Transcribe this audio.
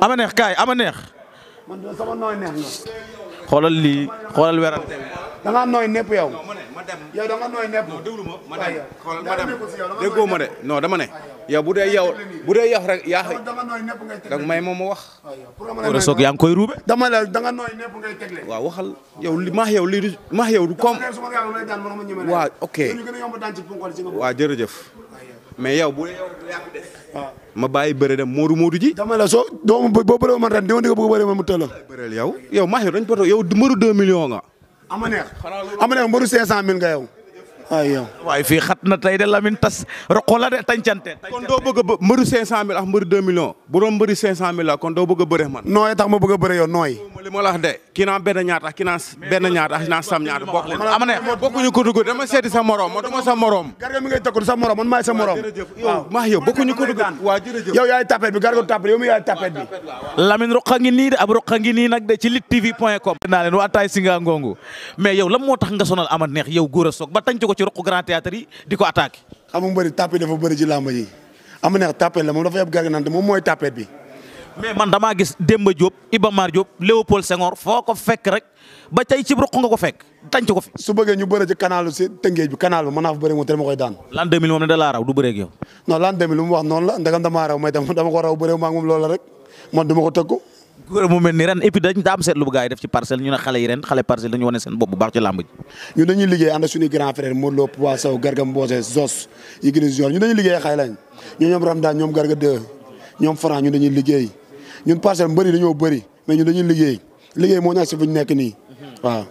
ama neex kaay ama neex. man de sama xoolal lii xoolal werante bi. da ngaa nooy nepp yow. yow da nga nooy nepp. non déglu ma ma dem ma dem déggoo ma de non dama ne. yow bu dee yow bu dee yow rek yaa xëy. may moom ma wax. wala soog yaa ngi koy ruube. dama la da nga nooy nepp ngay tegle. waaw waxal yow li maax yow lii du maax yow du koom. waaw ok waa jërëjëf. mais yow bu yow ma bàyyi bëre dem Modou Modou ji. dama la soo doo boo bëree man ren dama dégg boo bëree man mu tëllal. bëreel yow yow maa ngi dañ ko yow mbëru 2 millions nga. ama neex yow. ay yow fii xat na tey de Lamine tas roqo la de tàncante. kon doo bëgg a bë mbëru 500000 ak mbëru 2 millions bu doon mbëru 500000 la kon doo bëgg a man. nooy tax ma bëgg a bëre nooy. ma li ma la de kii naa benn ñaata sam ñaata bokk leen ama ne bokkuñu kutugu dama seeti sa morom ma duma sa morom garga mi ngay tëkkul sa yaay tapet bi garga tapet yow mi de ab Roqa ngi nii nag de ci luttetv.com naa leen waa taay singa ngongu mais yow lan tax nga ama neex yow góor a ba tànc ci Roq Grand Théâtre yi di ama neex tapet la moom dafa yab garga naan moom mooy tapet bi mais man damaa gis Demba Diop Iba Mar Diop Léopold Senghor foo ko fekk rek ba tey ci ruq ko fekk tànc ko fi. su bëggee ñu bëre ci canal si tëngeej bi canal bi mën naa moom te dama moom wax noonu la ndegam damaa raw may tam dama ko raw bëree maa moom loolu rek man duma ko tëkku. góor mu mel ni def ci parcelle ñu ne xale yi xale parcelle dañu wane seen bopp bu baax ci làmb ji. ñun dañuy liggéey ànd suñuy grand frère Modou Lo Papa Sow Garga ñun parcelle mbëri dañoo bëri mais ñun dañuy liggéey liggéey moo nekk si fu ñu nekk nii waaw.